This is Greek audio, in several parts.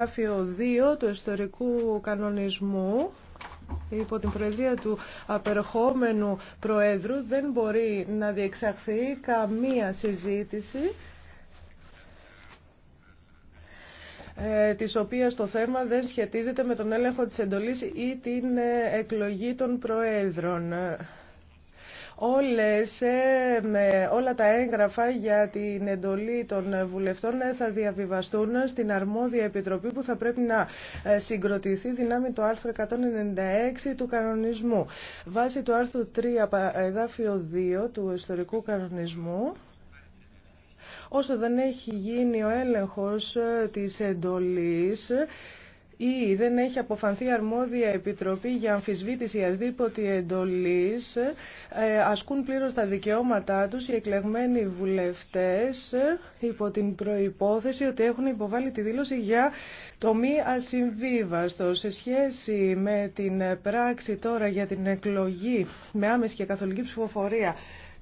Γράφειο 2 του ιστορικού κανονισμού υπό την προεδρία του απερχόμενου Προέδρου δεν μπορεί να διεξαχθεί καμία συζήτηση ε, της οποίας το θέμα δεν σχετίζεται με τον έλεγχο της εντολής ή την ε, εκλογή των Προέδρων. Όλες, ε, όλα τα έγγραφα για την εντολή των βουλευτών ε, θα διαβιβαστούν στην αρμόδια επιτροπή που θα πρέπει να ε, συγκροτηθεί δυνάμει το άρθρο 196 του κανονισμού. Βάσει του άρθρου 3 εδάφιο 2 του ιστορικού κανονισμού όσο δεν έχει γίνει ο έλεγχος της εντολής ή δεν έχει αποφανθεί αρμόδια επιτροπή για αμφισβήτηση ασδήποτη εντολής, ε, ασκούν πλήρως τα δικαιώματά τους οι εκλεγμένοι βουλευτές ε, υπό την προϋπόθεση ότι έχουν υποβάλει τη δήλωση για το μη ασυμβίβαστο. Σε σχέση με την πράξη τώρα για την εκλογή με άμεση και καθολική ψηφοφορία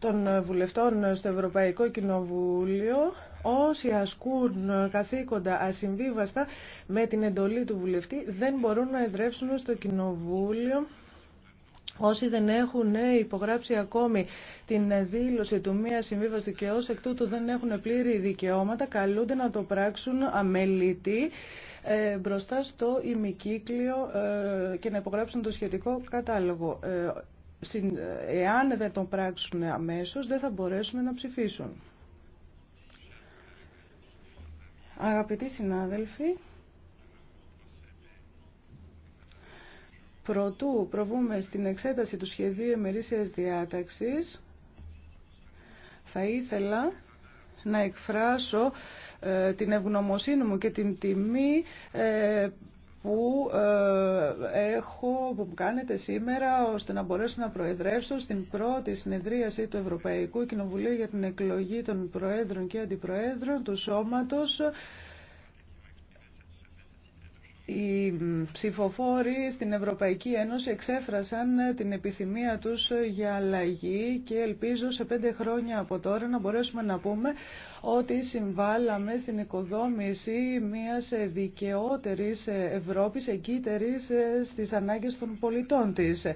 των βουλευτών στο Ευρωπαϊκό Κοινοβούλιο όσοι ασκούν καθήκοντα ασυμβίβαστα με την εντολή του βουλευτή δεν μπορούν να εδρεύσουν στο Κοινοβούλιο Όσοι δεν έχουν υπογράψει ακόμη την δήλωση του μία συμβίβαση και ως εκ τούτου δεν έχουν πλήρη δικαιώματα, καλούνται να το πράξουν αμελητή ε, μπροστά στο ημικύκλιο ε, και να υπογράψουν το σχετικό κατάλογο. Ε, εάν δεν τον πράξουν αμέσως δεν θα μπορέσουν να ψηφίσουν. Αγαπητοί συνάδελφοι, προτού προβούμε στην εξέταση του σχεδίου εμερήσιας διάταξης, θα ήθελα να εκφράσω ε, την ευγνωμοσύνη μου και την τιμή ε, που ε, έχω, που μου κάνετε σήμερα ώστε να μπορέσω να προεδρεύσω στην πρώτη συνεδρίαση του Ευρωπαϊκού Κοινοβουλίου για την εκλογή των Προέδρων και Αντιπροέδρων του Σώματος οι ψηφοφόροι στην Ευρωπαϊκή Ένωση εξέφρασαν την επιθυμία τους για αλλαγή και ελπίζω σε πέντε χρόνια από τώρα να μπορέσουμε να πούμε ότι συμβάλαμε στην οικοδόμηση μιας δικαιότερης Ευρώπης, εγκύτερης στις ανάγκες των πολιτών της.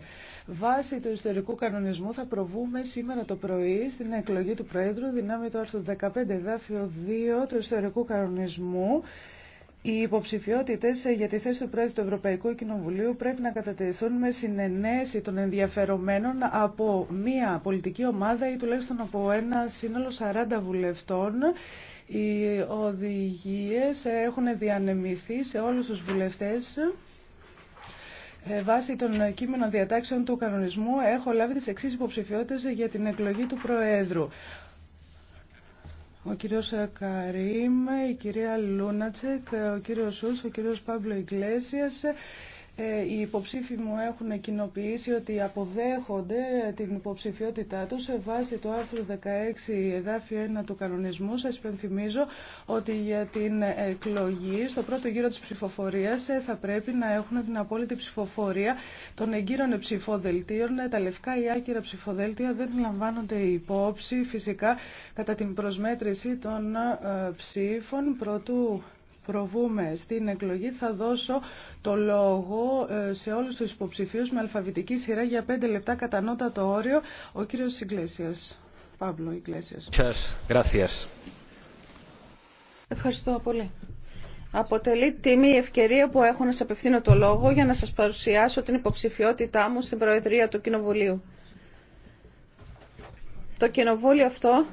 Βάσει του ιστορικού κανονισμού θα προβούμε σήμερα το πρωί στην εκλογή του Πρόεδρου δυνάμει το άρθρο 15 δάφιο 2 του ιστορικού κανονισμού οι υποψηφιότητε για τη θέση του Πρόεδρου του Ευρωπαϊκού Κοινοβουλίου πρέπει να κατατεθούν με συνενέση των ενδιαφερομένων από μία πολιτική ομάδα ή τουλάχιστον από ένα σύνολο 40 βουλευτών. Οι οδηγίε έχουν διανεμηθεί σε όλου του βουλευτέ. Ε, βάσει των κείμενων διατάξεων του κανονισμού έχω λάβει τις εξή υποψηφιότητες για την εκλογή του Προέδρου ο κύριος Καρίμ, η κυρία Λούνατσεκ, ο κύριος Σούλς, ο κύριος Παύλο Ιγκλέσιας ε, οι υποψήφοι μου έχουν κοινοποιήσει ότι αποδέχονται την υποψηφιότητά τους σε βάση το άρθρο 16 εδάφιο 1 του κανονισμού. Σας υπενθυμίζω ότι για την εκλογή στο πρώτο γύρο της ψηφοφορίας ε, θα πρέπει να έχουν την απόλυτη ψηφοφορία των εγκύρων ψηφοδελτίων. Ε, τα λευκά ή άκυρα ψηφοδέλτια δεν λαμβάνονται υπόψη φυσικά κατά την προσμέτρηση των ψήφων πρωτού προβούμε στην εκλογή θα δώσω το λόγο ε, σε όλους τους υποψηφίους με αλφαβητική σειρά για πέντε λεπτά κατά το όριο. Ο κύριος Ιγκλέσιας. Παύλο Ιγκλέσιας. Ευχαριστώ πολύ. Αποτελεί τιμή η ευκαιρία που έχω να σας απευθύνω το λόγο για να σας παρουσιάσω την υποψηφιότητά μου στην Προεδρία του Κοινοβουλίου. Το Κοινοβούλιο αυτό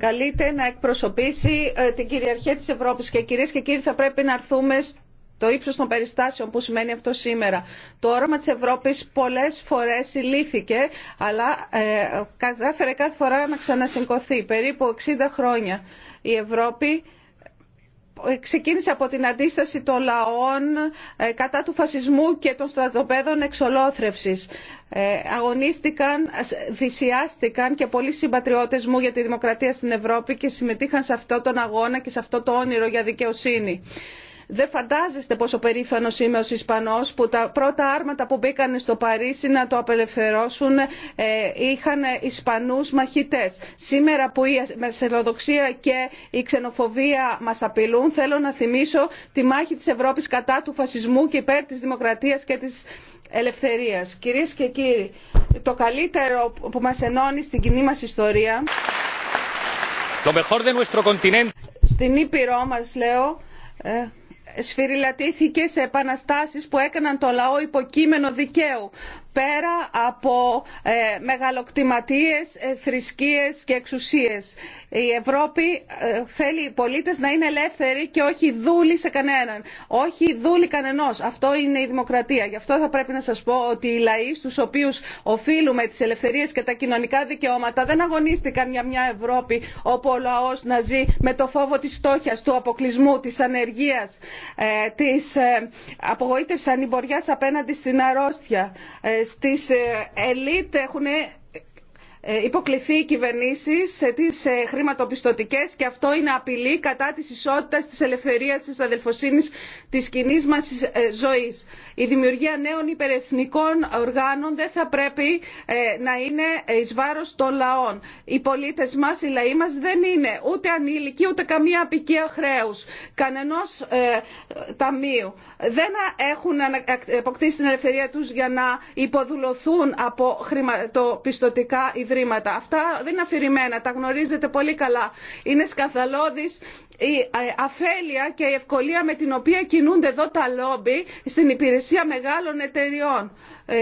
καλείται να εκπροσωπήσει ε, την κυριαρχία της Ευρώπης και κυρίες και κύριοι θα πρέπει να έρθουμε στο ύψος των περιστάσεων που σημαίνει αυτό σήμερα. Το όραμα της Ευρώπης πολλές φορές λύθηκε αλλά ε, κατάφερε κάθε φορά να ξανασυγκωθεί. Περίπου 60 χρόνια η Ευρώπη ε, ξεκίνησε από την αντίσταση των λαών ε, κατά του φασισμού και των στρατοπέδων εξολόθρευσης. Ε, αγωνίστηκαν, θυσιάστηκαν και πολλοί συμπατριώτες μου για τη δημοκρατία στην Ευρώπη και συμμετείχαν σε αυτό τον αγώνα και σε αυτό το όνειρο για δικαιοσύνη. Δεν φαντάζεστε πόσο περήφανος είμαι ως Ισπανός που τα πρώτα άρματα που μπήκαν στο Παρίσι να το απελευθερώσουν ε, είχαν Ισπανούς μαχητές. Σήμερα που η μεσελοδοξία και η ξενοφοβία μας απειλούν θέλω να θυμίσω τη μάχη της Ευρώπης κατά του φασισμού και υπέρ της δημοκρατίας και της ελευθερίας. Κυρίες και κύριοι, το καλύτερο που μας ενώνει στην κοινή μας ιστορία mejor de nuestro continente. στην ήπειρό μας λέω ε, σφυριλατήθηκε σε επαναστάσεις που έκαναν το λαό υποκείμενο δικαίου πέρα από ε, μεγαλοκτηματίες, ε, θρησκείες και εξουσίες. Η Ευρώπη ε, θέλει οι πολίτες να είναι ελεύθεροι και όχι δούλοι σε κανέναν. Όχι δούλοι κανενός. Αυτό είναι η δημοκρατία. Γι' αυτό θα πρέπει να σας πω ότι οι λαοί στους οποίους οφείλουμε τις ελευθερίες και τα κοινωνικά δικαιώματα δεν αγωνίστηκαν για μια Ευρώπη όπου ο λαός να ζει με το φόβο της φτώχειας, του αποκλεισμού, της ανεργίας, της απογοήτευσης ανημποριάς απέναντι στην αρρώστια στις ελίτ έχουν ε, υποκληθεί οι κυβερνήσει σε τι ε, χρηματοπιστωτικέ και αυτό είναι απειλή κατά τη ισότητα, τη ελευθερία, της αδελφοσύνη τη κοινή μα ε, ζωή. Η δημιουργία νέων υπερεθνικών οργάνων δεν θα πρέπει να είναι ει βάρο των λαών. Οι πολίτε μα, οι λαοί μα δεν είναι ούτε ανήλικοι ούτε καμία απικία χρέου, κανενό ταμείου. Δεν έχουν αποκτήσει την ελευθερία του για να υποδουλωθούν από χρηματοπιστωτικά ιδρύματα. Αυτά δεν είναι αφηρημένα, τα γνωρίζετε πολύ καλά. Είναι σκαθαλώδης η ε, αφέλεια και η ευκολία με την οποία κινούνται εδώ τα λόμπι στην υπηρεσία μεγάλων εταιριών. Ε,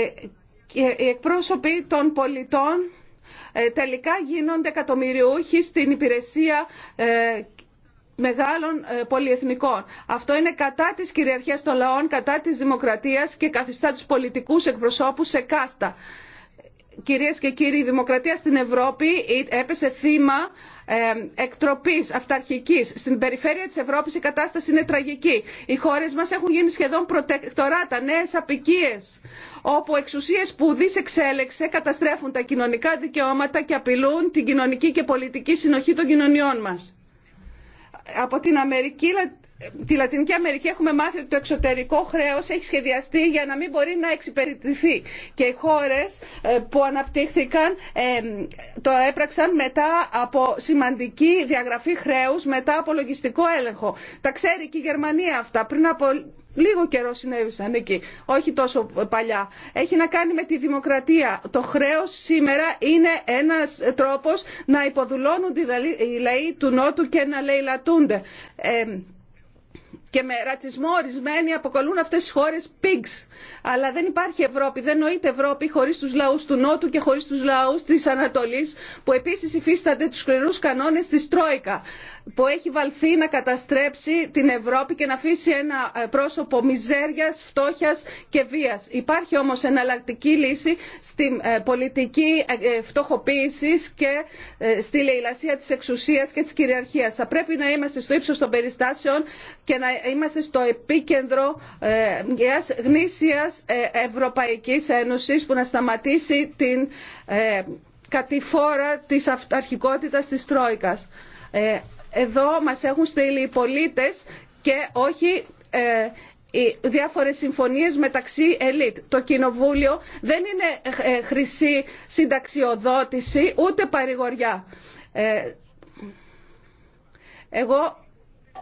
οι εκπρόσωποι των πολιτών ε, τελικά γίνονται εκατομμυριούχοι στην υπηρεσία μεγάλων πολυεθνικών. Αυτό είναι κατά της κυριαρχίας των λαών, κατά της δημοκρατίας και καθιστά τους πολιτικούς εκπροσώπους σε κάστα κυρίες και κύριοι, η δημοκρατία στην Ευρώπη έπεσε θύμα εκτροπής αυταρχικής. Στην περιφέρεια της Ευρώπης η κατάσταση είναι τραγική. Οι χώρες μας έχουν γίνει σχεδόν προτεκτοράτα, νέες απικίες, όπου εξουσίες που δυσεξέλεξε εξέλεξε καταστρέφουν τα κοινωνικά δικαιώματα και απειλούν την κοινωνική και πολιτική συνοχή των κοινωνιών μας. Από την Αμερική τη Λατινική Αμερική έχουμε μάθει ότι το εξωτερικό χρέος έχει σχεδιαστεί για να μην μπορεί να εξυπηρετηθεί και οι χώρες ε, που αναπτύχθηκαν ε, το έπραξαν μετά από σημαντική διαγραφή χρέους, μετά από λογιστικό έλεγχο. Τα ξέρει και η Γερμανία αυτά. Πριν από λίγο καιρό συνέβησαν εκεί, όχι τόσο παλιά. Έχει να κάνει με τη δημοκρατία. Το χρέος σήμερα είναι ένας τρόπος να υποδουλώνουν οι λαοί του Νότου και να λαιλατούνται. Ε, και με ρατσισμό ορισμένοι αποκαλούν αυτές τις χώρες pigs. Αλλά δεν υπάρχει Ευρώπη, δεν νοείται Ευρώπη χωρίς τους λαούς του Νότου και χωρίς τους λαούς της Ανατολής που επίσης υφίστανται τους σκληρούς κανόνες της Τρόικα που έχει βαλθεί να καταστρέψει την Ευρώπη και να αφήσει ένα ε, πρόσωπο μιζέριας, φτώχειας και βίας. Υπάρχει όμως εναλλακτική λύση στην ε, πολιτική ε, φτωχοποίησης και στη λαιλασία της εξουσίας και της κυριαρχίας. Θα πρέπει να είμαστε στο ύψος των περιστάσεων και να είμαστε στο επίκεντρο μιας γνήσιας Ευρωπαϊκής Ένωσης που να σταματήσει την κατηφόρα της αυταρχικότητας της Τρόικας εδώ μας έχουν στείλει οι πολίτες και όχι ε, οι διάφορες συμφωνίες μεταξύ ελίτ. Το κοινοβούλιο δεν είναι ε, χρυσή συνταξιοδότηση ούτε παρηγοριά. Ε, εγώ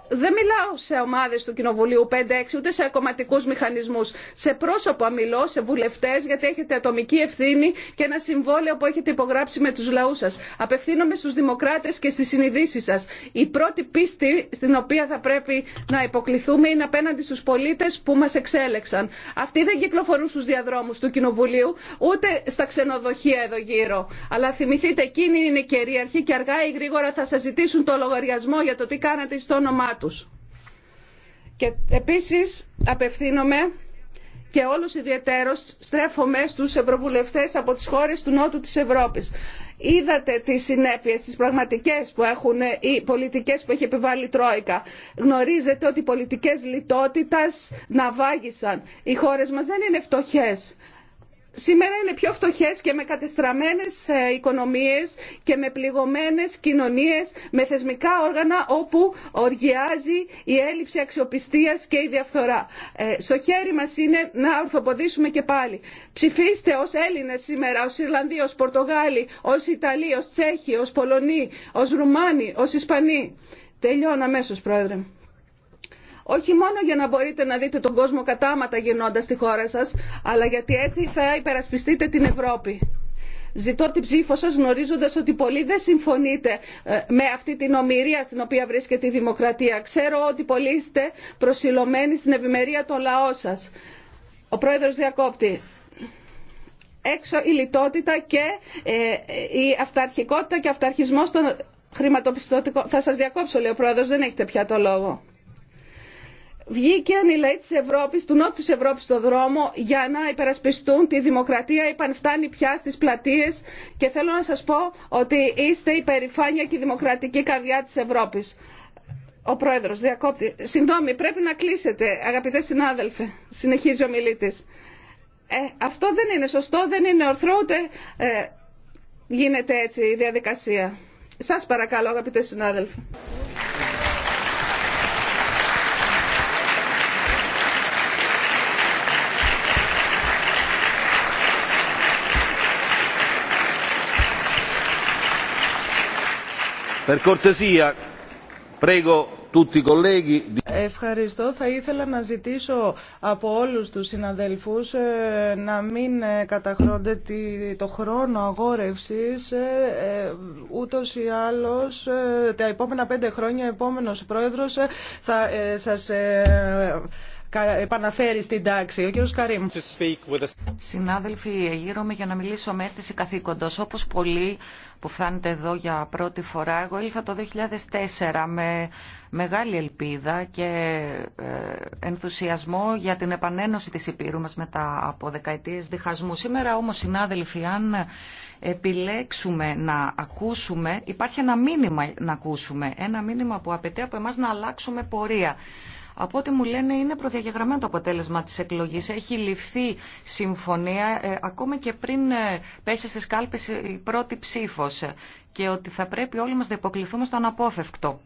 δεν μιλάω σε ομάδες του Κοινοβουλίου 5-6 ούτε σε κομματικούς μηχανισμούς. Σε πρόσωπο μιλώ, σε βουλευτές, γιατί έχετε ατομική ευθύνη και ένα συμβόλαιο που έχετε υπογράψει με τους λαούς σας. Απευθύνομαι στους δημοκράτες και στις συνειδήσεις σας. Η πρώτη πίστη στην οποία θα πρέπει να υποκληθούμε είναι απέναντι στους πολίτες που μας εξέλεξαν. Αυτοί δεν κυκλοφορούν στους διαδρόμους του Κοινοβουλίου, ούτε στα ξενοδοχεία εδώ γύρω. Αλλά θυμηθείτε, εκείνοι είναι κυρίαρχοι και αργά ή γρήγορα θα σας ζητήσουν το λογαριασμό για το τι κάνατε στο όνομά τους. Και επίσης απευθύνομαι και όλους ιδιαιτέρως στρέφομαι στους ευρωβουλευτές από τις χώρες του Νότου της Ευρώπης. Είδατε τις συνέπειες, τις πραγματικές που έχουν οι πολιτικές που έχει επιβάλει η Τρόικα. Γνωρίζετε ότι οι πολιτικές λιτότητας ναυάγησαν. Οι χώρες μας δεν είναι φτωχές σήμερα είναι πιο φτωχές και με κατεστραμμένες ε, οικονομίες και με πληγωμένες κοινωνίες, με θεσμικά όργανα όπου οργιάζει η έλλειψη αξιοπιστίας και η διαφθορά. Ε, στο χέρι μας είναι να ορθοποδήσουμε και πάλι. Ψηφίστε ως Έλληνες σήμερα, ως Ιρλανδοί, ως Πορτογάλοι, ως Ιταλοί, ως Τσέχοι, ως Πολωνοί, ως Ρουμάνοι, ως Ισπανοί. Τελειώνω αμέσως, Πρόεδρε όχι μόνο για να μπορείτε να δείτε τον κόσμο κατάματα γυρνώντα στη χώρα σας, αλλά γιατί έτσι θα υπερασπιστείτε την Ευρώπη. Ζητώ την ψήφο σας γνωρίζοντας ότι πολλοί δεν συμφωνείτε ε, με αυτή την ομοιρία στην οποία βρίσκεται η δημοκρατία. Ξέρω ότι πολλοί είστε προσιλωμένοι στην ευημερία των λαών σας. Ο πρόεδρος διακόπτη έξω η λιτότητα και ε, η αυταρχικότητα και αυταρχισμός των χρηματοπιστωτικών. Θα σας διακόψω λέει ο πρόεδρος, δεν έχετε πια το λόγο βγήκαν οι λαοί της Ευρώπης, του Νότου της Ευρώπης στον δρόμο για να υπερασπιστούν τη δημοκρατία. Είπαν φτάνει πια στις πλατείες και θέλω να σας πω ότι είστε η περηφάνεια και η δημοκρατική καρδιά της Ευρώπης. Ο Πρόεδρος διακόπτει. Συγγνώμη, πρέπει να κλείσετε αγαπητέ συνάδελφε. Συνεχίζει ο μιλήτης. Ε, αυτό δεν είναι σωστό, δεν είναι ορθρό, ούτε ε, γίνεται έτσι η διαδικασία. Σας παρακαλώ αγαπητέ συνάδελφε. Ευχαριστώ. Θα ήθελα να ζητήσω από όλους τους συναδελφούς ε, να μην ε, καταχρώνται το χρόνο αγόρευσης. Ε, ούτως ή άλλως τα επόμενα πέντε χρόνια επόμενος πρόεδρος θα σας επαναφέρει στην τάξη. Ο κύριος Καρύμ. Συνάδελφοι, με για να μιλήσω με αίσθηση καθήκοντος. Όπως πολλοί που φτάνετε εδώ για πρώτη φορά, εγώ ήλθα το 2004 με μεγάλη ελπίδα και ε, ενθουσιασμό για την επανένωση της Υπήρου μας μετά από δεκαετίες διχασμού. Σήμερα όμως, συνάδελφοι, αν επιλέξουμε να ακούσουμε, υπάρχει ένα μήνυμα να ακούσουμε. Ένα μήνυμα που απαιτεί από εμάς να αλλάξουμε πορεία. Από ό,τι μου λένε είναι προδιαγεγραμμένο το αποτέλεσμα της εκλογής. Έχει ληφθεί συμφωνία ε, ακόμα και πριν ε, πέσει στις κάλπες η πρώτη ψήφος ε, και ότι θα πρέπει όλοι μας να υποκληθούμε στον απόφευκτο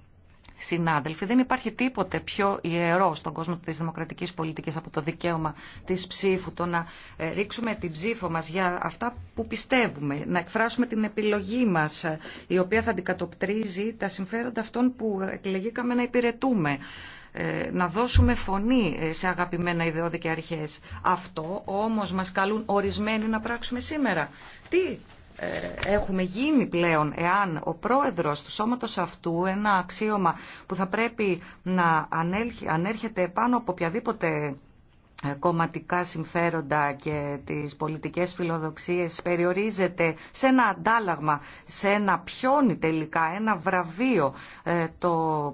Συνάδελφοι, δεν υπάρχει τίποτε πιο ιερό στον κόσμο της δημοκρατικής πολιτικής από το δικαίωμα της ψήφου, το να ε, ρίξουμε την ψήφο μας για αυτά που πιστεύουμε, να εκφράσουμε την επιλογή μας, η οποία θα αντικατοπτρίζει τα συμφέροντα αυτών που εκλεγήκαμε να υπηρετούμε. Ε, να δώσουμε φωνή ε, σε αγαπημένα ιδεώδη και αρχές. Αυτό όμως μας καλούν ορισμένοι να πράξουμε σήμερα. Τι ε, έχουμε γίνει πλέον εάν ο πρόεδρος του σώματος αυτού ένα αξίωμα που θα πρέπει να ανέρχεται πάνω από οποιαδήποτε ε, κομματικά συμφέροντα και τις πολιτικές φιλοδοξίες περιορίζεται σε ένα αντάλλαγμα, σε ένα πιόνι τελικά, ένα βραβείο, ε, το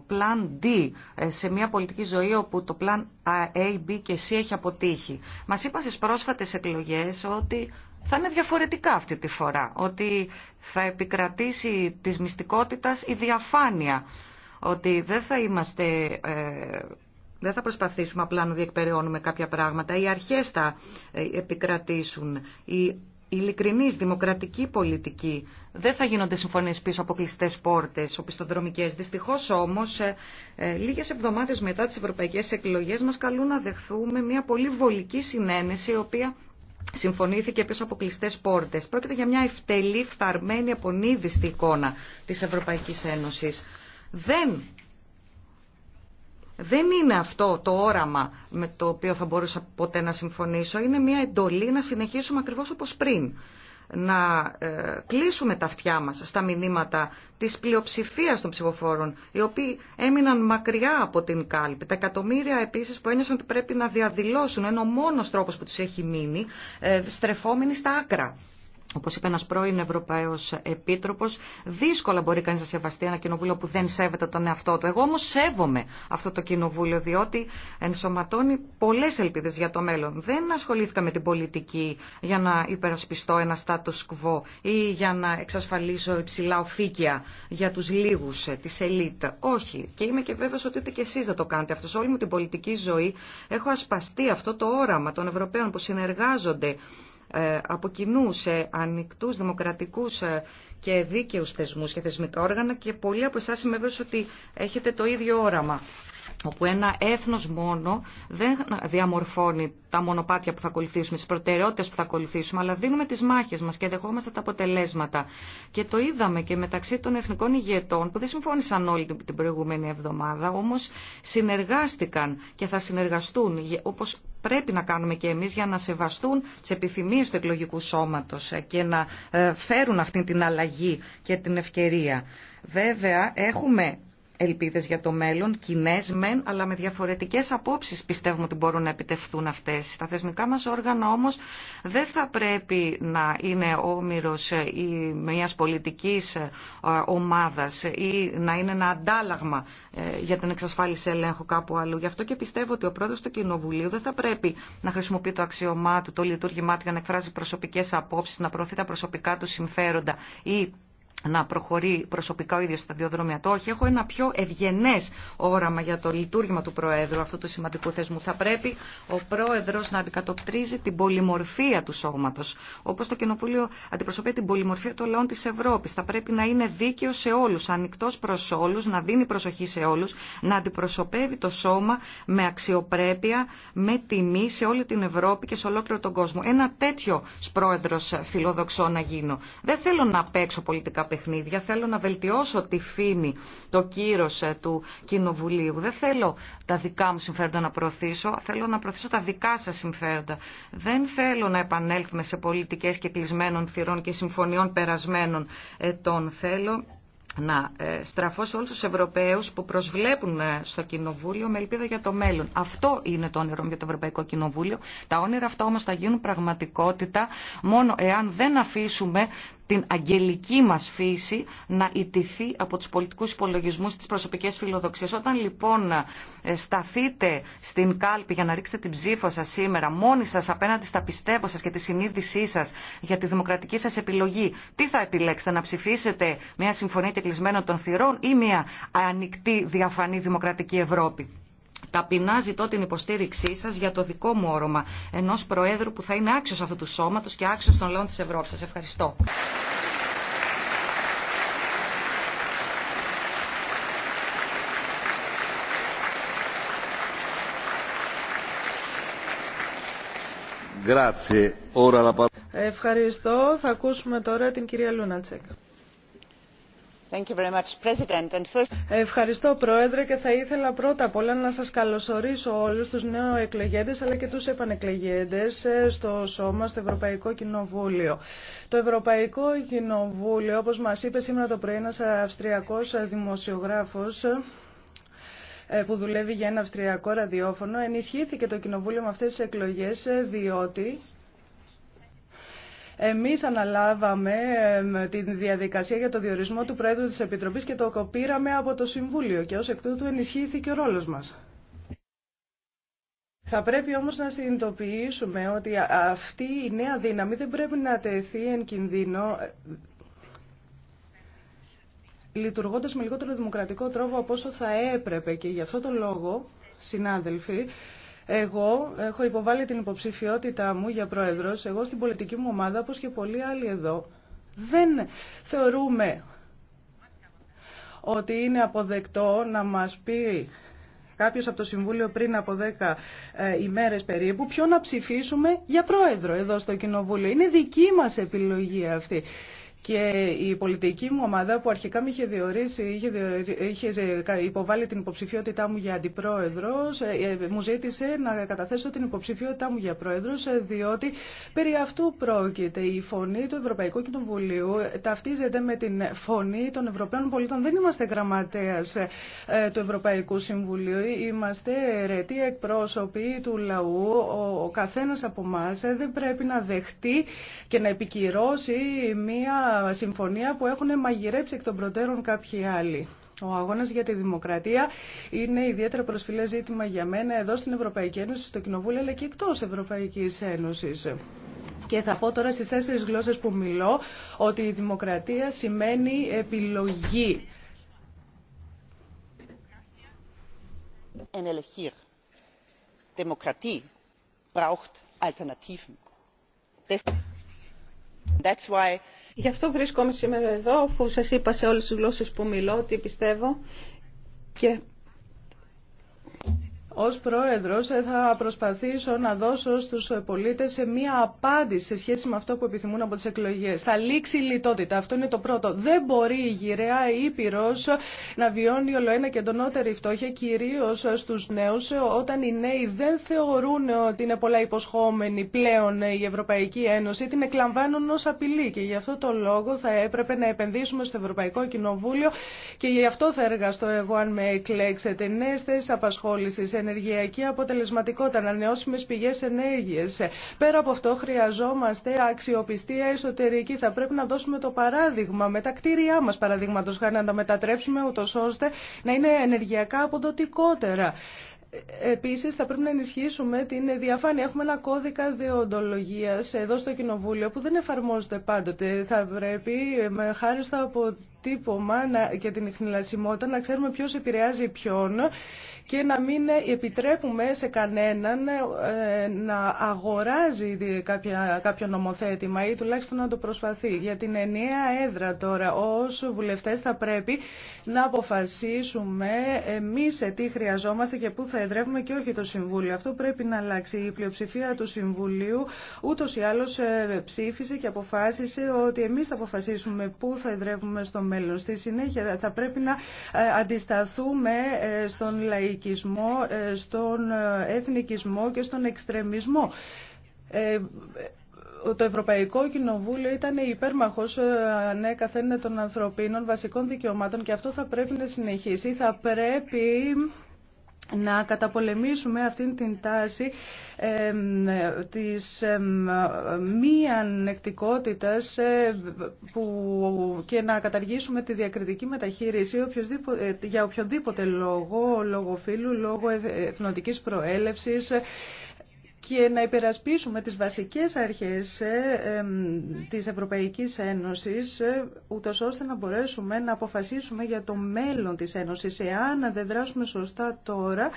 πλάν D, ε, σε μια πολιτική ζωή όπου το πλάν A, B και C έχει αποτύχει. Μας είπα στις πρόσφατες εκλογές ότι θα είναι διαφορετικά αυτή τη φορά, ότι θα επικρατήσει της μυστικότητας η διαφάνεια, ότι δεν θα είμαστε δεν θα προσπαθήσουμε απλά να διεκπεραιώνουμε κάποια πράγματα. Οι αρχές θα ε, επικρατήσουν. Η ειλικρινής δημοκρατική πολιτική. Δεν θα γίνονται συμφωνίες πίσω από κλειστέ πόρτες, οπισθοδρομικές. Δυστυχώς όμως, ε, ε, λίγες εβδομάδες μετά τις ευρωπαϊκές εκλογές μας καλούν να δεχθούμε μια πολύ βολική συνένεση, η οποία συμφωνήθηκε πίσω από κλειστέ πόρτε. Πρόκειται για μια ευτελή, φθαρμένη, απονείδηστη εικόνα τη Ευρωπαϊκή Ένωση. Δεν δεν είναι αυτό το όραμα με το οποίο θα μπορούσα ποτέ να συμφωνήσω. Είναι μια εντολή να συνεχίσουμε ακριβώς όπως πριν. Να ε, κλείσουμε τα αυτιά μας στα μηνύματα της πλειοψηφίας των ψηφοφόρων, οι οποίοι έμειναν μακριά από την κάλπη. Τα εκατομμύρια επίσης που ένιωσαν ότι πρέπει να διαδηλώσουν, ενώ ο μόνος τρόπος που τους έχει μείνει, ε, στρεφόμενοι στα άκρα όπως είπε ένας πρώην Ευρωπαίος Επίτροπος, δύσκολα μπορεί κανείς να σεβαστεί ένα κοινοβούλιο που δεν σέβεται τον εαυτό του. Εγώ όμως σέβομαι αυτό το κοινοβούλιο, διότι ενσωματώνει πολλές ελπίδες για το μέλλον. Δεν ασχολήθηκα με την πολιτική για να υπερασπιστώ ένα status quo ή για να εξασφαλίσω υψηλά οφήκια για τους λίγους, τις ελίτ. Όχι. Και είμαι και βέβαιος ότι ούτε και εσείς δεν το κάνετε αυτό. Σε όλη μου την πολιτική ζωή έχω ασπαστεί αυτό το όραμα των Ευρωπαίων που συνεργάζονται ε, από κοινού σε ανοιχτού, δημοκρατικού ε, και δίκαιου θεσμού και θεσμικά όργανα και πολλοί από εσά είμαι ότι έχετε το ίδιο όραμα όπου ένα έθνος μόνο δεν διαμορφώνει τα μονοπάτια που θα ακολουθήσουμε, τις προτεραιότητες που θα ακολουθήσουμε, αλλά δίνουμε τις μάχες μας και δεχόμαστε τα αποτελέσματα. Και το είδαμε και μεταξύ των εθνικών ηγετών, που δεν συμφώνησαν όλοι την προηγούμενη εβδομάδα, όμως συνεργάστηκαν και θα συνεργαστούν, όπως πρέπει να κάνουμε και εμείς για να σεβαστούν τις επιθυμίες του εκλογικού σώματος ε, και να ε, φέρουν αυτή την αλλαγή και την ευκαιρία. Βέβαια, έχουμε ελπίδες για το μέλλον, κοινέ μεν, αλλά με διαφορετικές απόψεις πιστεύουμε ότι μπορούν να επιτευχθούν αυτές. Τα θεσμικά μας όργανα όμως δεν θα πρέπει να είναι όμοιρος ή μιας πολιτικής ε, ομάδας ή να είναι ένα αντάλλαγμα ε, για την εξασφάλιση ελέγχου κάπου αλλού. Γι' αυτό και πιστεύω ότι ο πρόεδρος του Κοινοβουλίου δεν θα πρέπει να χρησιμοποιεί το αξιωμά του, το λειτουργήμά του για να εκφράζει προσωπικές απόψεις, να προωθεί τα προσωπικά του συμφέροντα ή να προχωρεί προσωπικά ο ίδιος στα διοδρομία. Το όχι, έχω ένα πιο ευγενές όραμα για το λειτουργήμα του Προέδρου αυτού του σημαντικού θεσμού. Θα πρέπει ο Πρόεδρος να αντικατοπτρίζει την πολυμορφία του σώματος, όπως το Κοινοβούλιο αντιπροσωπεύει την πολυμορφία των λαών της Ευρώπης. Θα πρέπει να είναι δίκαιο σε όλους, ανοιχτός προς όλους, να δίνει προσοχή σε όλους, να αντιπροσωπεύει το σώμα με αξιοπρέπεια, με τιμή σε όλη την Ευρώπη και σε ολόκληρο τον κόσμο. Ένα τέτοιο πρόεδρο φιλοδοξώ να γίνω. Δεν θέλω να παίξω πολιτικά Θέλω να βελτιώσω τη φήμη, το κύρος ε, του Κοινοβουλίου. Δεν θέλω τα δικά μου συμφέροντα να προωθήσω, θέλω να προωθήσω τα δικά σας συμφέροντα. Δεν θέλω να επανέλθουμε σε πολιτικές και κλεισμένων θυρών και συμφωνιών περασμένων ετών. Θέλω να ε, στραφώ σε όλους τους Ευρωπαίους που προσβλέπουν ε, στο Κοινοβούλιο με ελπίδα για το μέλλον. Αυτό είναι το όνειρο για το Ευρωπαϊκό Κοινοβούλιο. Τα όνειρα αυτά όμως θα γίνουν πραγματικότητα μόνο εάν δεν αφήσουμε την αγγελική μας φύση να ιτηθεί από τους πολιτικούς υπολογισμούς τις προσωπικές φιλοδοξίες. Όταν λοιπόν ε, σταθείτε στην κάλπη για να ρίξετε την ψήφο σας σήμερα μόνοι σας απέναντι στα πιστεύω σας και τη συνείδησή σας για τη δημοκρατική σας επιλογή, τι θα επιλέξετε να ψηφίσετε μια συμφωνία και κλεισμένο των θυρών ή μια ανοιχτή διαφανή δημοκρατική Ευρώπη. Ταπεινά ζητώ την υποστήριξή σα για το δικό μου όρομα ενό Προέδρου που θα είναι άξιο αυτού του σώματο και άξιο των λαών τη Ευρώπη. Σα ευχαριστώ. Ευχαριστώ. Θα ακούσουμε τώρα την κυρία Λούνατσεκ. Ευχαριστώ Πρόεδρε και θα ήθελα πρώτα απ' όλα να σας καλωσορίσω όλους τους νέο εκλεγέντες αλλά και τους επανεκλεγέντες ε, στο σώμα, στο Ευρωπαϊκό Κοινοβούλιο. Το Ευρωπαϊκό Κοινοβούλιο, όπως μας είπε σήμερα το πρωί ένας αυστριακός δημοσιογράφος, ε, που δουλεύει για ένα αυστριακό ραδιόφωνο, ενισχύθηκε το κοινοβούλιο με αυτές τις εκλογές ε, διότι εμείς αναλάβαμε τη διαδικασία για το διορισμό του Πρόεδρου της Επιτροπής και το κοπήραμε από το Συμβούλιο και ως εκ τούτου ενισχύθηκε ο ρόλος μας. Θα πρέπει όμως να συνειδητοποιήσουμε ότι αυτή η νέα δύναμη δεν πρέπει να τεθεί εν κινδύνο ε, λειτουργώντας με λιγότερο δημοκρατικό τρόπο από όσο θα έπρεπε και γι' αυτό το λόγο, συνάδελφοι, εγώ έχω υποβάλει την υποψηφιότητά μου για πρόεδρος. Εγώ στην πολιτική μου ομάδα, όπως και πολλοί άλλοι εδώ, δεν θεωρούμε ότι είναι αποδεκτό να μας πει κάποιο από το Συμβούλιο πριν από 10 ε, ημέρε περίπου, ποιο να ψηφίσουμε για πρόεδρο εδώ στο Κοινοβούλιο. Είναι δική μα επιλογή αυτή. Και η πολιτική μου ομάδα που αρχικά με είχε διορίσει, είχε, είχε υποβάλει την υποψηφιότητά μου για αντιπρόεδρο, ε, ε, μου ζήτησε να καταθέσω την υποψηφιότητά μου για πρόεδρο, ε, διότι περί αυτού πρόκειται. Η φωνή του Ευρωπαϊκού Κοινοβουλίου ταυτίζεται με την φωνή των Ευρωπαίων πολιτών. Δεν είμαστε γραμματέα του Ευρωπαϊκού Συμβουλίου, είμαστε ρετοί εκπρόσωποι του λαού. Ο καθένα από εμά δεν πρέπει να δεχτεί και να επικυρώσει μία συμφωνία που έχουν μαγειρέψει εκ των προτέρων κάποιοι άλλοι. Ο αγώνα για τη δημοκρατία είναι ιδιαίτερα προσφυλέ ζήτημα για μένα εδώ στην Ευρωπαϊκή Ένωση, στο Κοινοβούλιο αλλά και εκτό Ευρωπαϊκή Ένωση. Και θα πω τώρα στι τέσσερι γλώσσε που μιλώ ότι η δημοκρατία σημαίνει επιλογή. Δημοκρατία braucht Alternativen. That's why Γι' αυτό βρίσκομαι σήμερα εδώ, αφού σας είπα σε όλες τις γλώσσες που μιλώ ότι πιστεύω και ως Πρόεδρος ε, θα προσπαθήσω να δώσω στους πολίτες ε, μία απάντηση σε σχέση με αυτό που επιθυμούν από τις εκλογές. Θα λήξει η λιτότητα. Αυτό είναι το πρώτο. Δεν μπορεί η γυραιά Ήπειρος να βιώνει ολοένα και εντονότερη φτώχεια, κυρίως στους νέους, ε, όταν οι νέοι δεν θεωρούν ότι είναι πολλά υποσχόμενοι πλέον η Ευρωπαϊκή Ένωση, την εκλαμβάνουν ως απειλή. Και γι' αυτό το λόγο θα έπρεπε να επενδύσουμε στο Ευρωπαϊκό Κοινοβούλιο και γι' αυτό θα εργαστώ εγώ αν με εκλέξετε. Νέες θέσεις απασχόλησης, ενεργειακή αποτελεσματικότητα, ανανεώσιμε πηγέ ενέργεια. Πέρα από αυτό, χρειαζόμαστε αξιοπιστία εσωτερική. Θα πρέπει να δώσουμε το παράδειγμα με τα κτίρια μα, παραδείγματο χάρη, να τα μετατρέψουμε ούτω ώστε να είναι ενεργειακά αποδοτικότερα. Επίσης θα πρέπει να ενισχύσουμε την διαφάνεια. Έχουμε ένα κώδικα διοντολογίας εδώ στο Κοινοβούλιο που δεν εφαρμόζεται πάντοτε. Θα πρέπει με χάρη στο αποτύπωμα και την ιχνηλασιμότητα να ξέρουμε ποιος επηρεάζει ποιον και να μην επιτρέπουμε σε κανέναν ε, να αγοράζει κάποιο νομοθέτημα ή τουλάχιστον να το προσπαθεί. Για την ενιαία έδρα τώρα, ως βουλευτές θα πρέπει να αποφασίσουμε εμείς τι χρειαζόμαστε και πού θα εδρεύουμε και όχι το Συμβούλιο. Αυτό πρέπει να αλλάξει. Η πλειοψηφία του Συμβουλίου ούτως ή άλλως ε, ψήφισε και αποφάσισε ότι εμείς θα αποφασίσουμε πού θα εδρεύουμε στο μέλλον. Στη συνέχεια θα πρέπει να ε, αντισταθούμε στον λαϊκό ε, στον ε, εθνικισμό και στον εξτρεμισμό. Ε, το Ευρωπαϊκό Κοινοβούλιο ήταν υπέρμαχος ανέκαθεν ναι, των ανθρωπίνων βασικών δικαιωμάτων και αυτό θα πρέπει να συνεχίσει. Θα πρέπει να καταπολεμήσουμε αυτήν την τάση ε, της ε, μη ανεκτικότητας ε, και να καταργήσουμε τη διακριτική μεταχείριση ε, για οποιοδήποτε λόγο, λόγω φύλου, λόγω εθνοτικής προέλευσης, και να υπερασπίσουμε τις βασικές αρχές ε, της Ευρωπαϊκής Ένωσης, ε, ούτως ώστε να μπορέσουμε να αποφασίσουμε για το μέλλον της Ένωσης. Εάν δεν δράσουμε σωστά τώρα,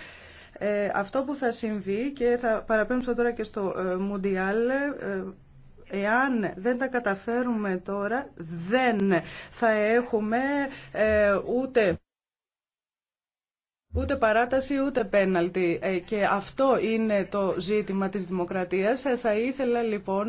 ε, αυτό που θα συμβεί, και θα παραπέμψω τώρα και στο Μουντιάλ, εάν δεν τα καταφέρουμε τώρα, δεν θα έχουμε ούτε... Ούτε παράταση ούτε πέναλτι. Ε, και αυτό είναι το ζήτημα της δημοκρατίας. Ε, θα ήθελα λοιπόν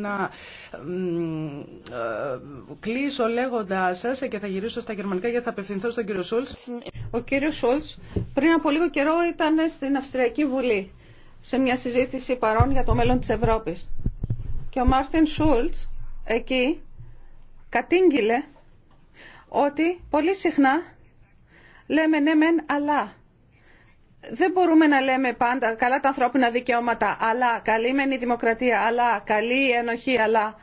να ε, κλείσω λέγοντάς σας και θα γυρίσω στα γερμανικά γιατί θα απευθυνθώ στον κύριο Σούλτς. Ο κύριος Σούλτς πριν από λίγο καιρό ήταν στην Αυστριακή Βουλή σε μια συζήτηση παρών για το μέλλον της Ευρώπης. Και ο Μάρτιν Σούλτς εκεί κατήγγειλε ότι πολύ συχνά λέμε ναι μεν αλλά. Δεν μπορούμε να λέμε πάντα καλά τα ανθρώπινα δικαιώματα, αλλά καλή μεν η δημοκρατία, αλλά καλή η ενοχή, αλλά.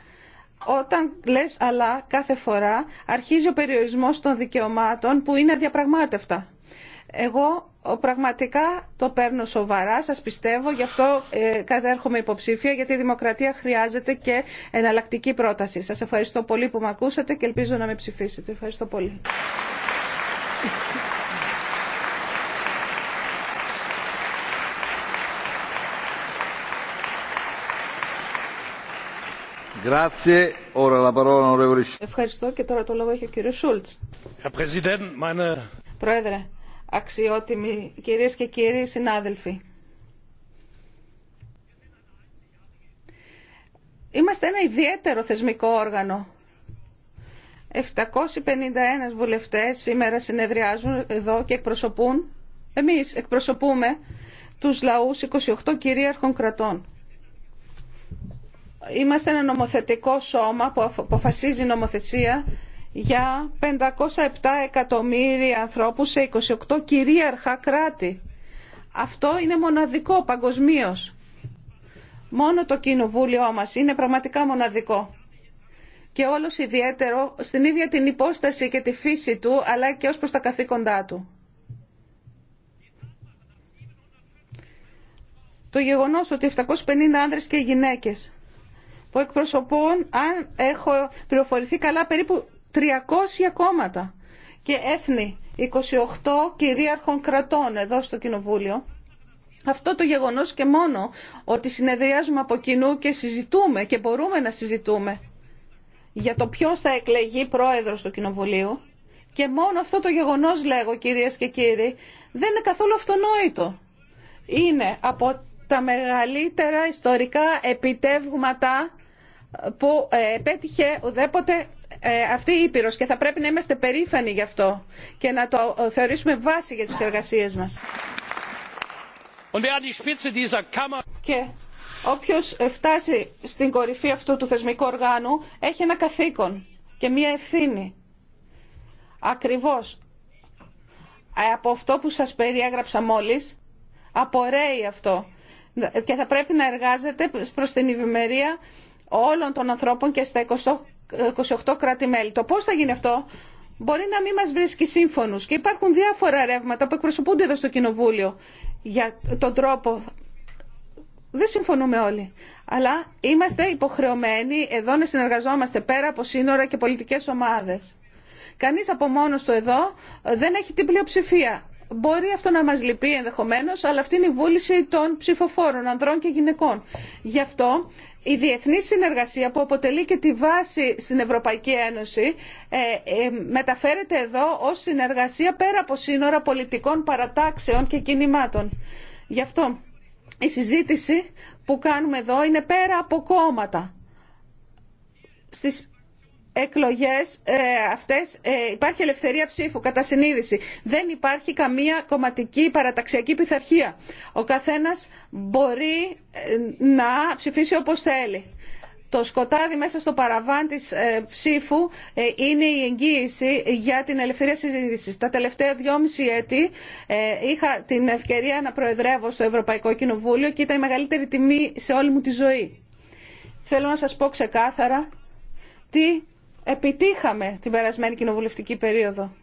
Όταν λες αλλά κάθε φορά αρχίζει ο περιορισμός των δικαιωμάτων που είναι αδιαπραγμάτευτα. Εγώ πραγματικά το παίρνω σοβαρά, σας πιστεύω, γι' αυτό ε, κατέρχομαι υποψήφια, γιατί η δημοκρατία χρειάζεται και εναλλακτική πρόταση. Σας ευχαριστώ πολύ που με ακούσατε και ελπίζω να με ψηφίσετε. Ευχαριστώ πολύ. Ευχαριστώ και τώρα το λόγο έχει ο κύριος Σούλτς. Πρόεδρε, αξιότιμοι κυρίες και κύριοι συνάδελφοι. Είμαστε ένα ιδιαίτερο θεσμικό όργανο 751 βουλευτές σήμερα συνεδριάζουν εδώ και εκπροσωπούν, εμείς εκπροσωπούμε τους λαούς 28 κυρίαρχων κρατών. Είμαστε ένα νομοθετικό σώμα που αποφασίζει νομοθεσία για 507 εκατομμύρια ανθρώπους σε 28 κυρίαρχα κράτη. Αυτό είναι μοναδικό παγκοσμίως. Μόνο το κοινοβούλιο μας είναι πραγματικά μοναδικό και όλος ιδιαίτερο στην ίδια την υπόσταση και τη φύση του, αλλά και ως προς τα καθήκοντά του. Το γεγονός ότι 750 άνδρες και γυναίκες που εκπροσωπούν, αν έχω πληροφορηθεί καλά, περίπου 300 κόμματα και έθνη 28 κυρίαρχων κρατών εδώ στο Κοινοβούλιο. Αυτό το γεγονός και μόνο ότι συνεδριάζουμε από κοινού και συζητούμε και μπορούμε να συζητούμε για το ποιο θα εκλεγεί πρόεδρος του Κοινοβουλίου και μόνο αυτό το γεγονός λέγω κυρίες και κύριοι δεν είναι καθόλου αυτονόητο. Είναι από τα μεγαλύτερα ιστορικά επιτεύγματα που ε, πέτυχε ουδέποτε ε, αυτή η Ήπειρος και θα πρέπει να είμαστε περήφανοι γι' αυτό και να το θεωρήσουμε βάση για τις εργασίες μας. Όποιος φτάσει στην κορυφή αυτού του θεσμικού οργάνου έχει ένα καθήκον και μία ευθύνη. Ακριβώς ε, από αυτό που σας περιέγραψα μόλις, απορρέει αυτό και θα πρέπει να εργάζεται προς την ευημερία όλων των ανθρώπων και στα 28 κράτη-μέλη. Το πώς θα γίνει αυτό μπορεί να μην μας βρίσκει σύμφωνους και υπάρχουν διάφορα ρεύματα που εκπροσωπούνται εδώ στο Κοινοβούλιο για τον τρόπο δεν συμφωνούμε όλοι. Αλλά είμαστε υποχρεωμένοι εδώ να συνεργαζόμαστε πέρα από σύνορα και πολιτικές ομάδες. Κανείς από μόνος του εδώ ε, δεν έχει την πλειοψηφία. Μπορεί αυτό να μας λυπεί ενδεχομένως, αλλά αυτή είναι η βούληση των ψηφοφόρων, ανδρών και γυναικών. Γι' αυτό η διεθνή συνεργασία που αποτελεί και τη βάση στην Ευρωπαϊκή Ένωση ε, ε, μεταφέρεται εδώ ως συνεργασία πέρα από σύνορα πολιτικών παρατάξεων και κινημάτων. Γι' αυτό η συζήτηση που κάνουμε εδώ είναι πέρα από κόμματα. Στις εκλογές ε, αυτές ε, υπάρχει ελευθερία ψήφου κατά συνείδηση. Δεν υπάρχει καμία κομματική παραταξιακή πειθαρχία. Ο καθένας μπορεί ε, να ψηφίσει όπως θέλει. Το σκοτάδι μέσα στο παραβάν της ε, ψήφου ε, είναι η εγγύηση για την ελευθερία συζήτηση. Τα τελευταία δυόμιση έτη ε, είχα την ευκαιρία να προεδρεύω στο Ευρωπαϊκό Κοινοβούλιο και ήταν η μεγαλύτερη τιμή σε όλη μου τη ζωή. Θέλω να σας πω ξεκάθαρα τι επιτύχαμε την περασμένη κοινοβουλευτική περίοδο.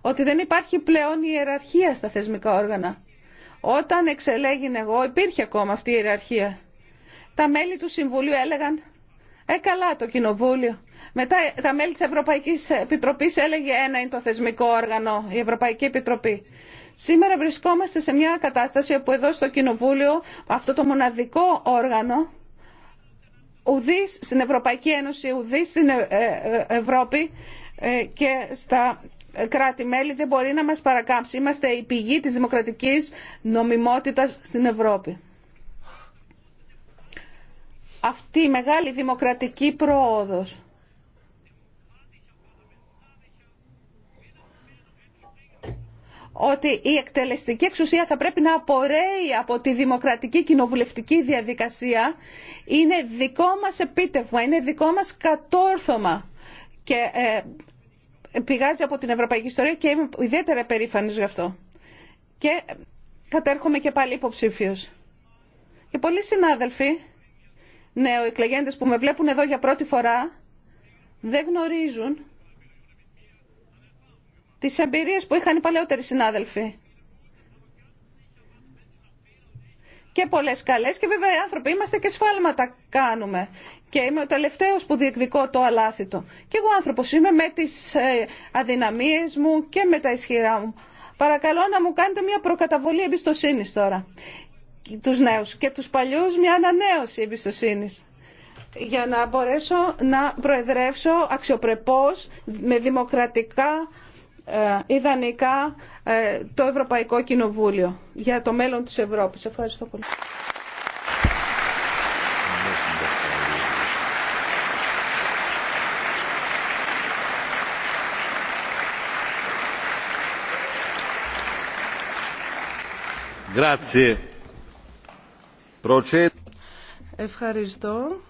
Ότι δεν υπάρχει πλέον ιεραρχία στα θεσμικά όργανα. Όταν εξελέγην εγώ υπήρχε ακόμα αυτή η ιεραρχία τα μέλη του Συμβουλίου έλεγαν «Ε, καλά το Κοινοβούλιο». Μετά τα μέλη της Ευρωπαϊκής Επιτροπής έλεγε «Ένα είναι το θεσμικό όργανο, η Ευρωπαϊκή Επιτροπή». Σήμερα βρισκόμαστε σε μια κατάσταση όπου εδώ στο Κοινοβούλιο αυτό το μοναδικό όργανο ουδής στην Ευρωπαϊκή Ένωση, ουδής στην ε, ε, Ευρώπη ε, και στα κράτη-μέλη δεν μπορεί να μας παρακάμψει. Είμαστε η πηγή της δημοκρατικής νομιμότητας στην Ευρώπη αυτή η μεγάλη δημοκρατική πρόοδος. ότι η εκτελεστική εξουσία θα πρέπει να απορρέει από τη δημοκρατική κοινοβουλευτική διαδικασία είναι δικό μας επίτευγμα, είναι δικό μας κατόρθωμα και ε, πηγάζει από την ευρωπαϊκή ιστορία και είμαι ιδιαίτερα περήφανης γι' αυτό. Και κατέρχομαι και πάλι υποψήφιος. Και πολλοί συνάδελφοι νεοεκλεγέντες που με βλέπουν εδώ για πρώτη φορά δεν γνωρίζουν τις εμπειρίες που είχαν οι παλαιότεροι συνάδελφοι. Και πολλές καλές και βέβαια οι άνθρωποι είμαστε και σφάλματα κάνουμε. Και είμαι ο τελευταίος που διεκδικώ το αλάθητο. Και εγώ άνθρωπος είμαι με τις ε, αδυναμίες μου και με τα ισχυρά μου. Παρακαλώ να μου κάνετε μια προκαταβολή εμπιστοσύνη τώρα τους νέους και τους παλιούς μια ανανέωση εμπιστοσύνη, για να μπορέσω να προεδρεύσω αξιοπρεπώς με δημοκρατικά ε, ιδανικά ε, το Ευρωπαϊκό Κοινοβούλιο για το μέλλον της Ευρώπης. Ευχαριστώ πολύ. Ευχαριστώ.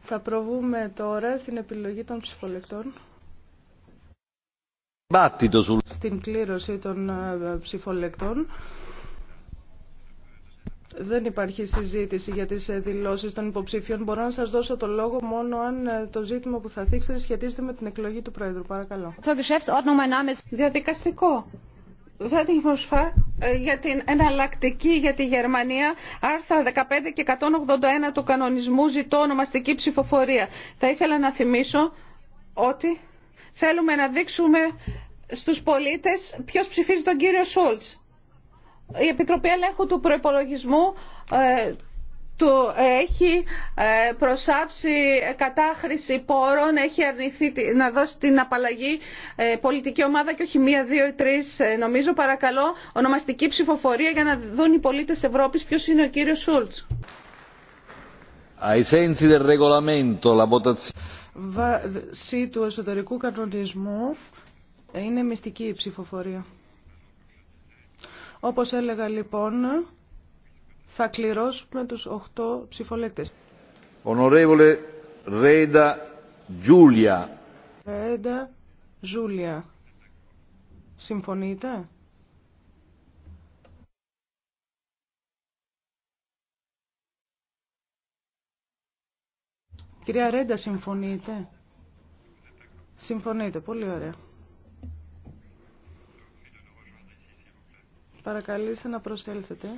Θα προβούμε τώρα στην επιλογή των ψηφολεκτών. Στην κλήρωση των ε, ψηφολεκτών. Δεν υπάρχει συζήτηση για τις ε, δηλώσεις των υποψηφίων. Μπορώ να σας δώσω το λόγο μόνο αν ε, το ζήτημα που θα θίξετε σχετίζεται με την εκλογή του Πρόεδρου. Παρακαλώ. Διαδικαστικό. Ε, για την εναλλακτική για τη Γερμανία, άρθρα 15 και 181 του κανονισμού ζητώ ονομαστική ψηφοφορία. Θα ήθελα να θυμίσω ότι θέλουμε να δείξουμε στους πολίτες ποιος ψηφίζει τον κύριο Σούλτς. Η Επιτροπή Ελέγχου του Προϋπολογισμού ε, του έχει ε, προσάψει κατάχρηση πόρων, έχει αρνηθεί να δώσει την απαλλαγή ε, πολιτική ομάδα και όχι μία, δύο ή τρεις. Ε, νομίζω παρακαλώ ονομαστική ψηφοφορία για να δουν οι πολίτες Ευρώπης ποιος είναι ο κύριος Σούλτς. Βάση του εσωτερικού κανονισμού είναι μυστική η ψηφοφορία. Όπως έλεγα λοιπόν, θα κληρώσουμε τους 8 ψηφολέκτες. Ονορέβολε Ρέιντα Τζούλια. Ρέιντα Τζούλια. Συμφωνείτε? Κυρία Ρέντα, συμφωνείτε? Συμφωνείτε, πολύ ωραία. Παρακαλείστε να προσέλθετε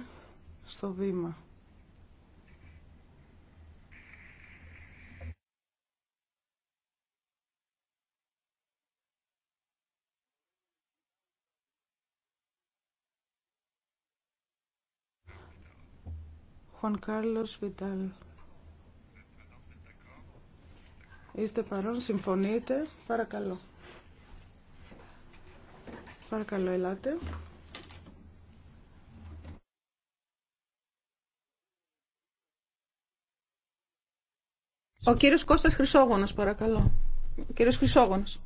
στο βήμα. Χων Κάρλος Βιτάλ. Είστε παρόν, συμφωνείτε. Παρακαλώ. Παρακαλώ, ελάτε. Ο κύριος Κώστας Χρυσόγωνος, παρακαλώ. Ο κύριος Χρυσόγωνος.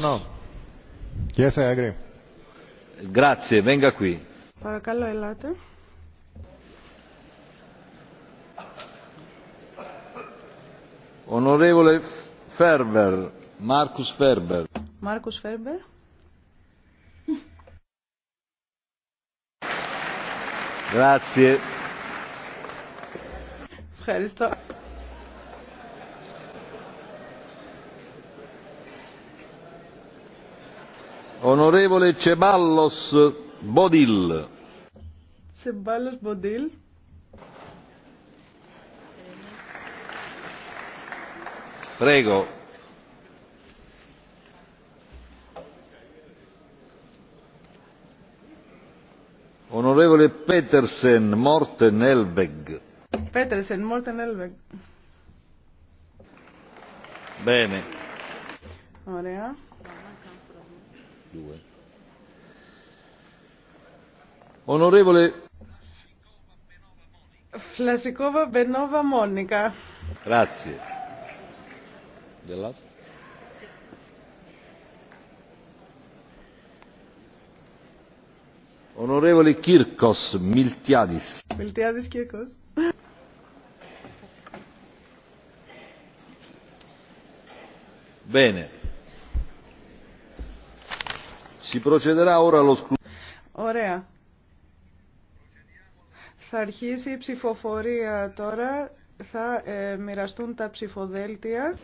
No. Yes, I agree. Grazie, venga Παρακαλώ, ελάτε. Onorevole Ferber, Marcus Ferber. Marcus Ferber. Ευχαριστώ. Onorevole Ceballos Bodil. Ceballos Bodil. Prego. Onorevole Petersen Morten Elbeg. Petersen Morten elbeg Bene due. Onorevole Flasikova Benova Monica. Grazie. Della... Onorevole Kirkos Miltiadis. Miltiadis Kirkos. Bene. Ωραία. Θα αρχίσει η ψηφοφορία τώρα. Θα ε, μοιραστούν τα ψηφοδέλτια.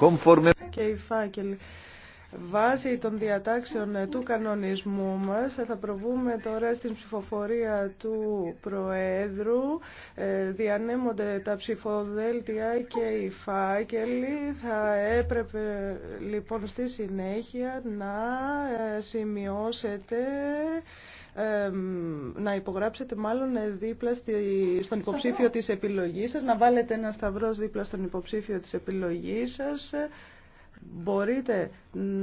Conforme... Και οι φάκελοι. Βάσει των διατάξεων ε, του κανονισμού μας ε, θα προβούμε τώρα στην ψηφοφορία του Προέδρου. Ε, διανέμονται τα ψηφοδέλτια και οι φάκελοι. Θα έπρεπε λοιπόν στη συνέχεια να σημειώσετε να υπογράψετε μάλλον δίπλα στον υποψήφιο της επιλογής σας, να βάλετε ένα σταυρός δίπλα στον υποψήφιο της επιλογής σας μπορείτε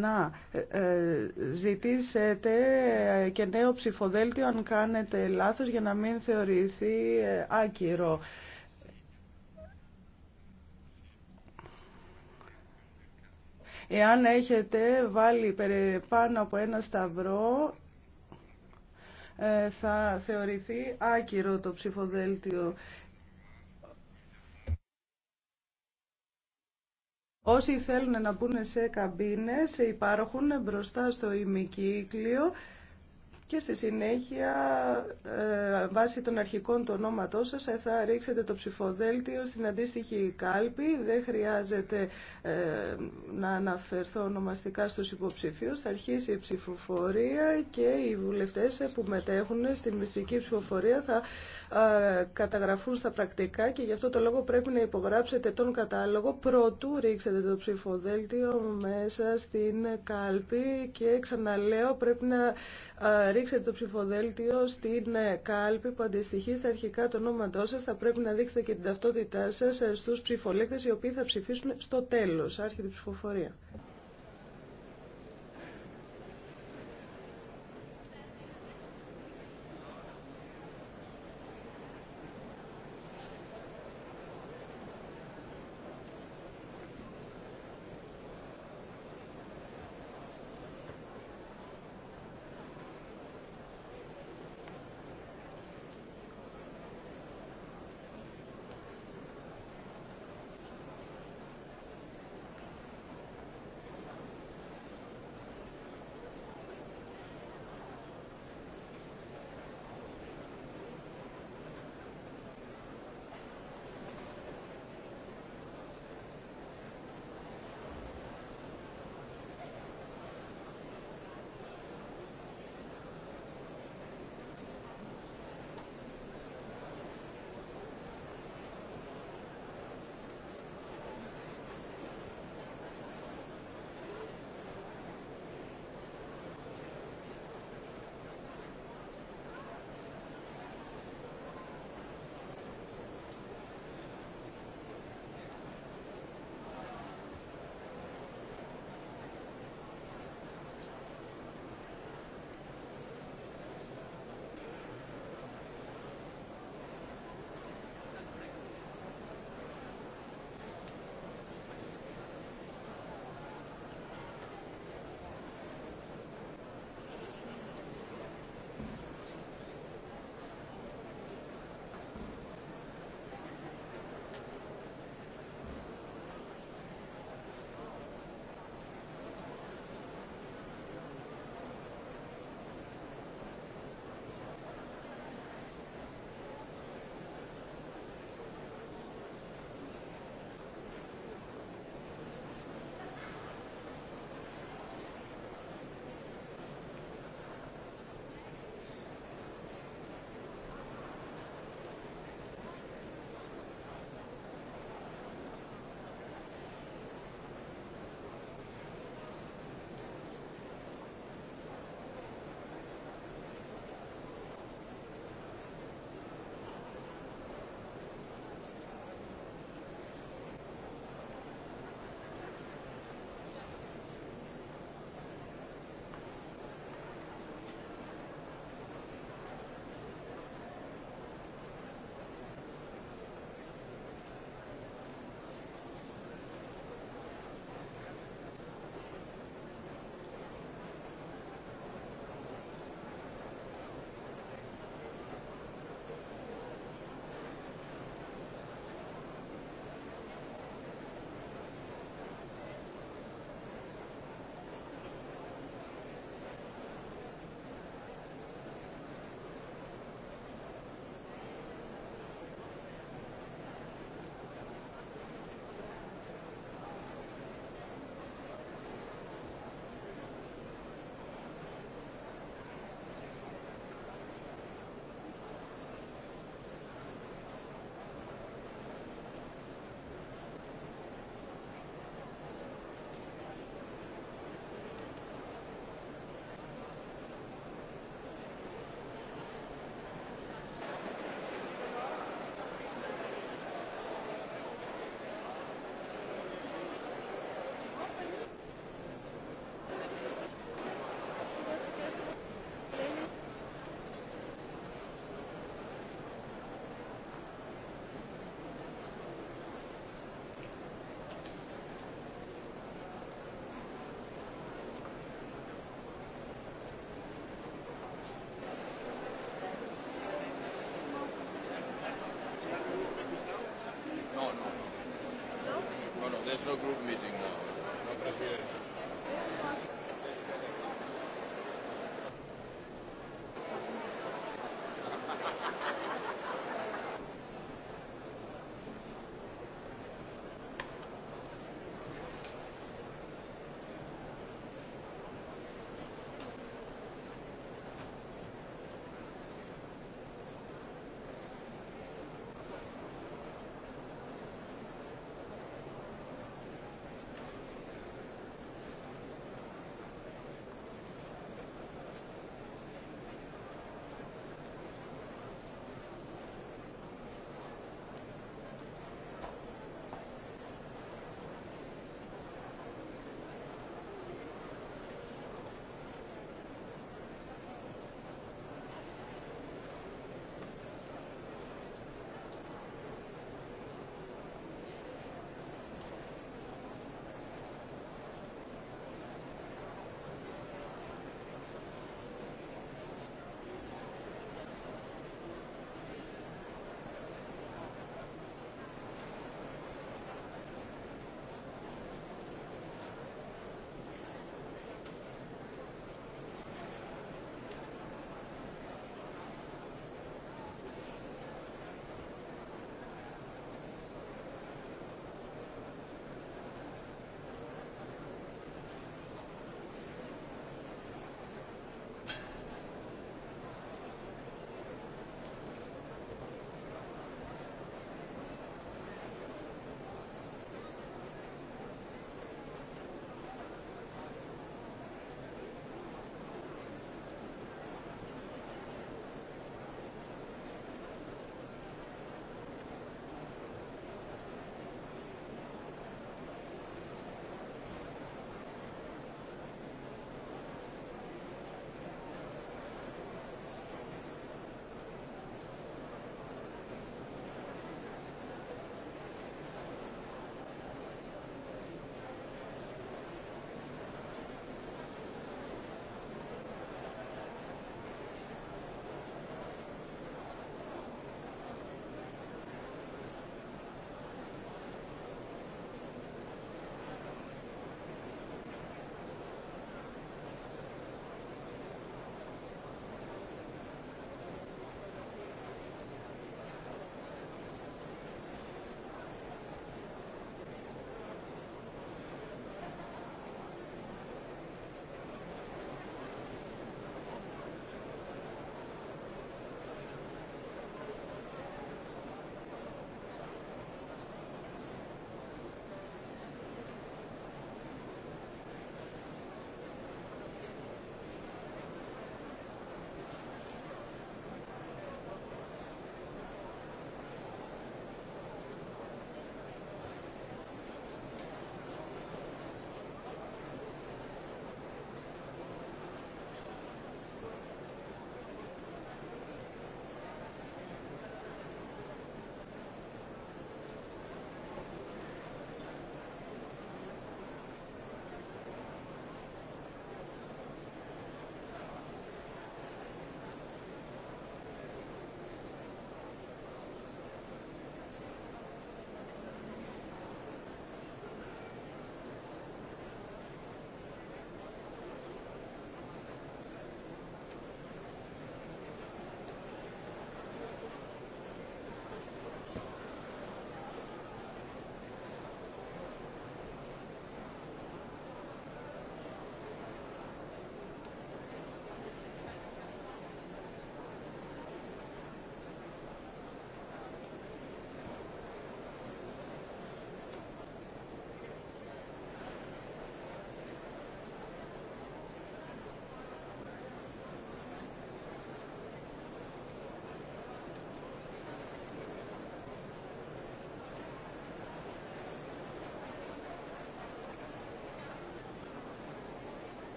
να ε, ε, ζητήσετε και νέο ψηφοδέλτιο αν κάνετε λάθος για να μην θεωρηθεί ε, άκυρο. Εάν έχετε βάλει πάνω από ένα σταυρό, θα θεωρηθεί άκυρο το ψηφοδέλτιο. Όσοι θέλουν να μπουν σε καμπίνες υπάρχουν μπροστά στο ημικύκλιο και στη συνέχεια ε, βάσει των αρχικών του ονόματός σας θα ρίξετε το ψηφοδέλτιο στην αντίστοιχη κάλπη. Δεν χρειάζεται ε, να αναφερθώ ονομαστικά στους υποψηφίους. Θα αρχίσει η ψηφοφορία και οι βουλευτές που μετέχουν στην μυστική ψηφοφορία θα ε, καταγραφούν στα πρακτικά και γι' αυτό το λόγο πρέπει να υπογράψετε τον κατάλογο προτού ρίξετε το ψηφοδέλτιο μέσα στην κάλπη και ξαναλέω πρέπει να ε, ρίξετε το ψηφοδέλτιο στην ε, κάλπη που αντιστοιχεί στα αρχικά το ονόματό σας. Θα πρέπει να δείξετε και την ταυτότητά σας στους ψηφολέκτες οι οποίοι θα ψηφίσουν στο τέλος, άρχεται η ψηφοφορία.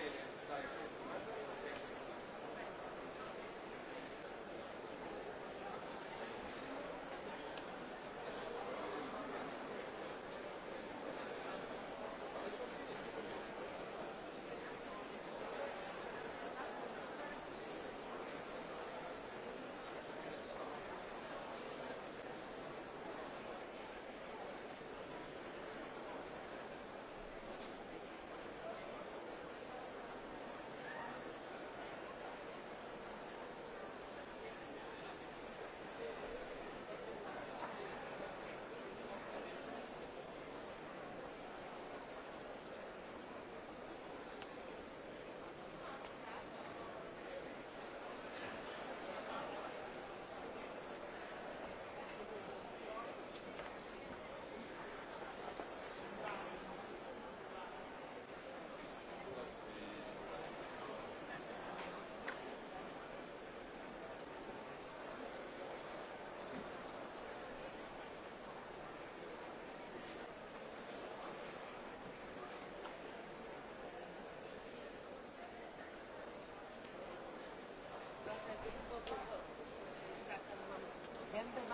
Bene.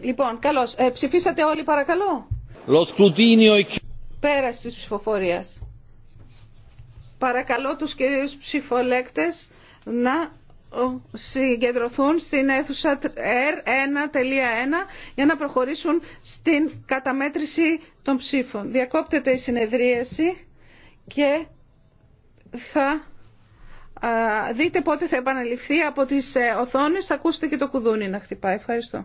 Λοιπόν, καλώς. Ε, ψηφίσατε όλοι παρακαλώ. Lo scrutinio è Παρακαλώ τους κυρίους ψηφολέκτες να συγκεντρωθούν στην αίθουσα R1.1 για να προχωρήσουν στην καταμέτρηση των ψήφων. Διακόπτεται η συνεδρίαση και θα Δείτε πότε θα επαναληφθεί από τις ε, οθόνες, ακούστε και το κουδούνι να χτυπάει. Ευχαριστώ.